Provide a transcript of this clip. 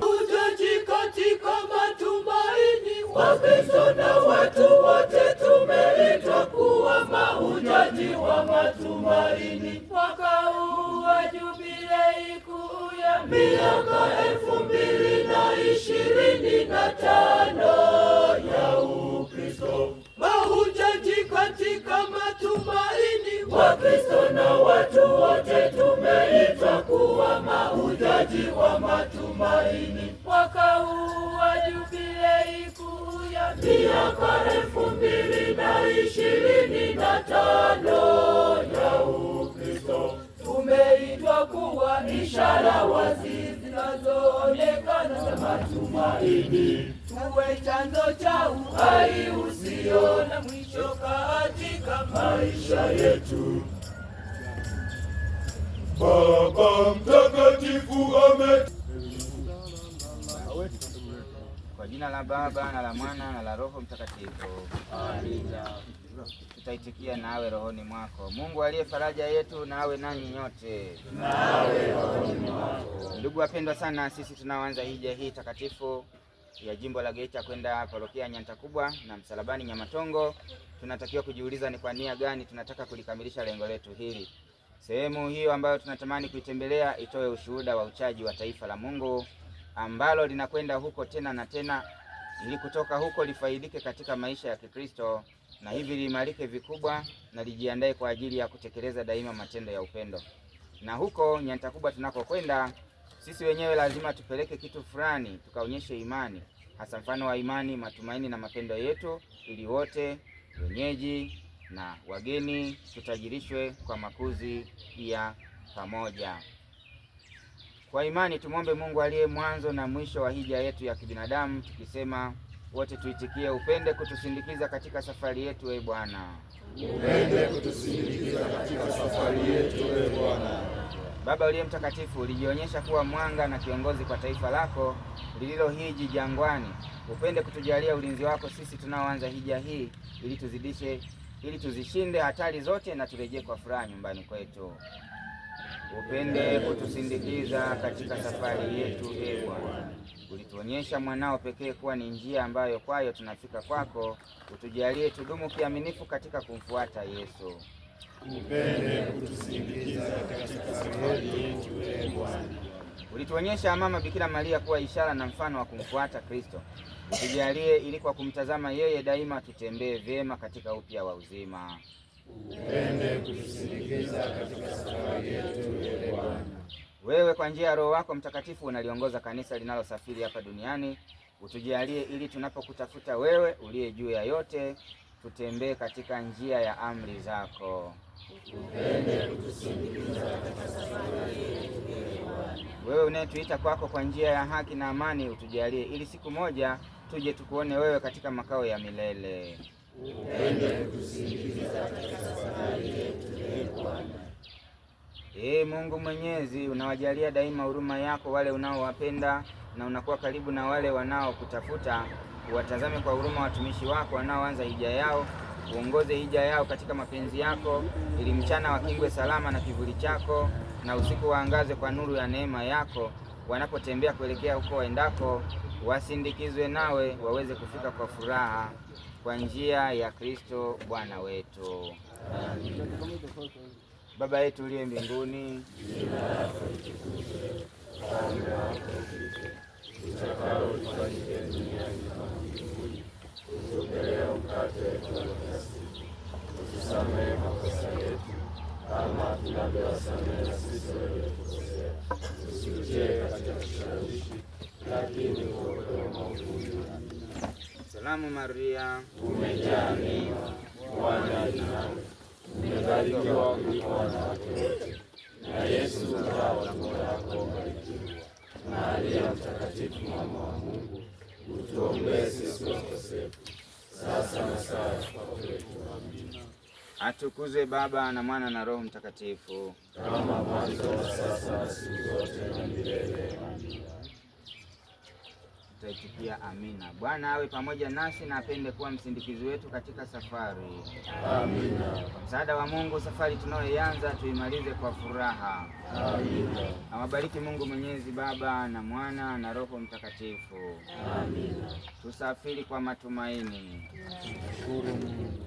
Hujaji katika matumaini, Wakristo na watu wote tumeitwa kuwa mahujaji wa matumaini. Mwaka huu wa Jubilei kuu ya miaka elfu mbili na ishirini na tano Watu wote tumeitwa kuwa mahujaji wa matumaini mwaka huu wa jubilei kuu ya miaka elfu mbili na ishirini na tano ya Ukristo. Tumeitwa kuwa ishara wazi zinazoonekana za matumaini, tuwe chanzo cha uhai usio na mwisho katika maisha yetu. Baba Mtakatifu ame. Kwa jina la Baba na la Mwana na la Roho Mtakatifu. Amina. Tutaitikia nawe rohoni mwako. Mungu aliye faraja yetu nawe nanyi nyote. Nawe rohoni mwako. Ndugu wapendwa sana, sisi tunaoanza hija hii takatifu ya jimbo la Geita kwenda parokia kubwa na msalabani Nyamatongo, tunatakiwa kujiuliza ni kwa nia gani tunataka kulikamilisha lengo letu hili. Sehemu hiyo ambayo tunatamani kuitembelea itoe ushuhuda wa uchaji wa taifa la Mungu ambalo linakwenda huko tena na tena, ili kutoka huko lifaidike katika maisha ya Kikristo na hivi liimarike vikubwa na lijiandae kwa ajili ya kutekeleza daima matendo ya upendo. Na huko kubwa tunakokwenda sisi wenyewe lazima tupeleke kitu fulani, tukaonyeshe imani, hasa mfano wa imani, matumaini na mapendo yetu, ili wote wenyeji na wageni, tutajirishwe kwa makuzi ya pamoja. Kwa imani tumwombe Mungu aliye mwanzo na mwisho wa hija yetu ya kibinadamu, tukisema wote tuitikie: upende kutusindikiza katika safari yetu, e Bwana, upende kutusindikiza katika safari yetu, e Bwana. Baba uliye mtakatifu, ulijionyesha kuwa mwanga na kiongozi kwa taifa lako lililo hiji jangwani, upende kutujalia ulinzi wako sisi tunaoanza hija hii, ili tuzidishe ili tuzishinde hatari zote na turejee kwa furaha nyumbani kwetu. Upende kutusindikiza katika safari yetu, Ee Bwana. Ulituonyesha mwanao pekee kuwa ni njia ambayo kwayo tunafika kwako. Utujalie tudumu kiaminifu katika kumfuata Yesu. Upende kutusindikiza katika safari yetu, Ee Bwana. Ulituonyesha mama Bikira Maria kuwa ishara na mfano wa kumfuata Kristo. Utujalie ili kwa kumtazama yeye daima tutembee vyema katika upya wa uzima. Upende kutusindikiza katika safari yetu ya Bwana. Wewe kwa njia ya Roho wako Mtakatifu unaliongoza kanisa linalosafiri hapa duniani. Utujalie ili tunapokutafuta wewe uliye juu ya yote tutembee katika njia ya amri zako. Upende kutusindikiza katika safari yetu, wewe unayetuita kwako kwa njia ya haki na amani, utujalie ili siku moja tuje tukuone wewe katika makao ya milele. Upende kutusindikiza katika safari yetu, ee, ee Mungu Mwenyezi, unawajalia daima huruma yako wale unaowapenda na unakuwa karibu na wale wanaokutafuta uwatazame kwa huruma watumishi wako wanaoanza hija yao, uongoze hija yao katika mapenzi yako, ili mchana wakingwe salama na kivuli chako, na usiku waangaze kwa nuru ya neema yako. Wanapotembea kuelekea huko waendako, wasindikizwe nawe, waweze kufika kwa furaha, kwa njia ya Kristo Bwana wetu. Baba yetu uliye mbinguni sisi waliokosea, usitie katika kishawishi, lakini uokoe maovu Salamu Maria, umejaa Bwana yu nawe, umebarikiwa kuliko wanawake wote, na Yesu mzao wa tumbo lako umebarikiwa. Maria Mtakatifu, mama wa Mungu, utuombee sisi wakosefu, sasa na saa ya Atukuzwe Baba na Mwana na Roho Mtakatifu, kama mwanzo, sasa, siku zote na milele. Amina. Tutaitikia amina. Bwana awe pamoja nasi na apende kuwa msindikizi wetu katika safari. Amina. Kwa msaada wa Mungu, safari tunayoianza tuimalize kwa furaha. Amina. Awabariki Mungu Mwenyezi, Baba na Mwana na Roho Mtakatifu. Amina. Tusafiri kwa matumaini. Shukuru Mungu.